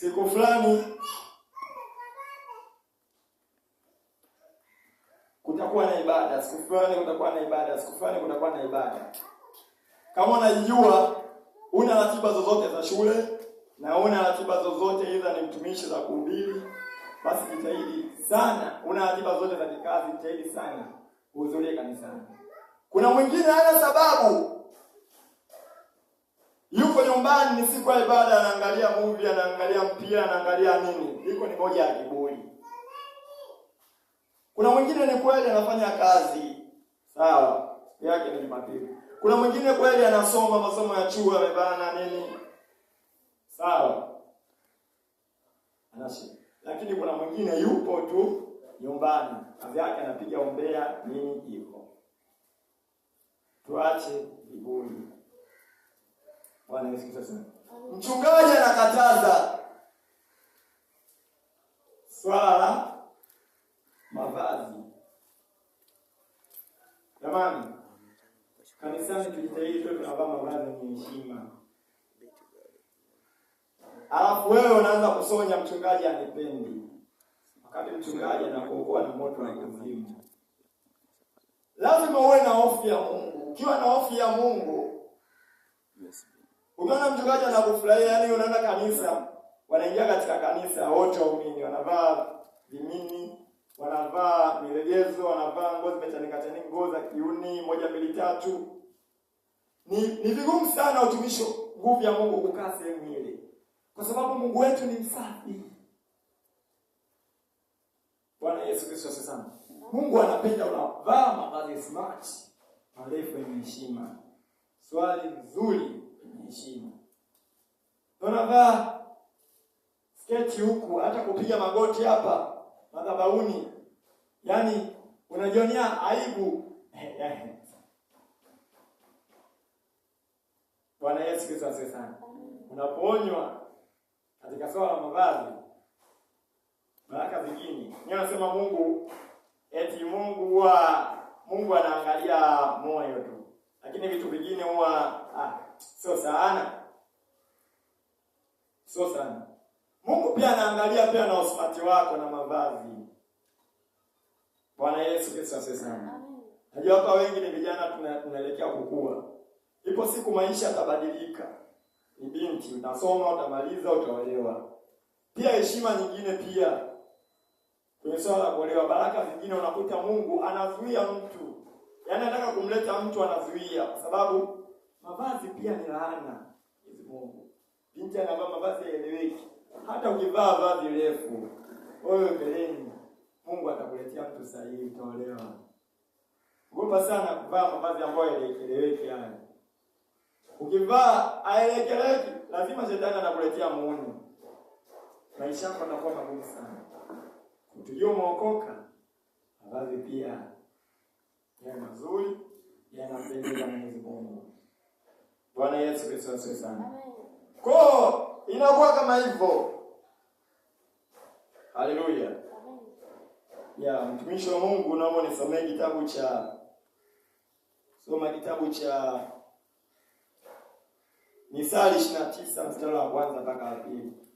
siku fulani kutakuwa na ibada, siku fulani kutakuwa na ibada, siku fulani kutakuwa na ibada. Kama unajijua una ratiba zozote za shule na una ratiba zozote iza ni mtumishi za kuhubiri, basi jitahidi sana. Una ratiba zote za kikazi, jitahidi sana uhudhurie kanisani. Kuna mwingine hana sababu nyumbani ni siku ya ibada, anaangalia movie, anaangalia mpira, anaangalia nini. Iko ni moja ya kiburi. Kuna mwingine ni kweli anafanya kazi sawa, yake ni Jumapili. Kuna mwingine kweli anasoma masomo ya chuo, amebana nini, sawa, anashinda. Lakini kuna mwingine yupo tu nyumbani, kazi yake anapiga umbea, nini, hivyo. Tuache kiburi. Bwana Yesu Kristo Mchungaji anakataza swala la mavazi. Jamani, kanisani tujitahidi tunavaa mavazi yenye heshima. Alafu wewe unaanza kusonya mchungaji anipendi, wakati mchungaji anakuokoa na moto wa kuzimu. Lazima uwe na hofu ya Mungu. Ukiwa na hofu ya Mungu Unaona mchungaji anakufurahia, yani unaenda kanisa, wanaingia katika kanisa wote waumini, wanavaa vimini, wanavaa milegezo, wanavaa nguo zimechanika chanika, nguo za kiuni moja mbili tatu. Ni ni vigumu sana utumishi nguvu ya Mungu kukaa sehemu ile, kwa sababu Mungu wetu ni msafi. Bwana Yesu Kristo sana. Mungu anapenda unavaa mavazi smart, marefu yenye heshima. Swali nzuri na heshima. Tunavaa sketi huku, hata kupiga magoti hapa madhabahuni, yaani unajionea aibu. Bwana Yesu Kristo asifiwe sana. katika swala la mavazi, baraka zingine, ni anasema Mungu eti Mungu wa Mungu anaangalia moyo tu, lakini vitu vingine huwa ah, sio sana, sio sana. Mungu pia anaangalia pia na usafi wako na mavazi. Bwana Yesu Kristo asifiwe sana. Najua hapa wengi ni vijana tunaelekea tuna kukua. Ipo siku maisha yatabadilika. Ni binti utasoma, utamaliza, utaolewa. Pia heshima nyingine pia kwenye swala la kuolewa, baraka zingine unakuta Mungu anazuia mtu, yaani anataka kumleta mtu anazuia, kwa sababu Mavazi pia ni laana Mwenyezi Mungu. Binti anavaa mavazi yaeleweki. Hata ukivaa vazi refu, wewe mbeleni Mungu atakuletea mtu sahihi utaolewa. Kuomba sana kuvaa mavazi ambayo yaeleweki haya. Ukivaa aelekeleki, lazima shetani anakuletea muuni. Maisha yako yanakuwa magumu sana. Utujua umeokoka, mavazi pia yawe mazuri, yanampendeza Mwenyezi Mungu. Yesu Kristo asifiwe sana. ko inakuwa kama hivyo. Haleluya. Ya mtumishi wa Mungu, naomba nisomee kitabu cha soma kitabu cha Misali 29 mstari wa kwanza mpaka wa pili.